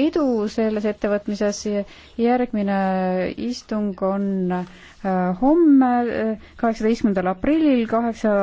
edu selles ettevõtmises. järgmine istung on äh, homme, kaheksateistkümnendal aprillil kaheksa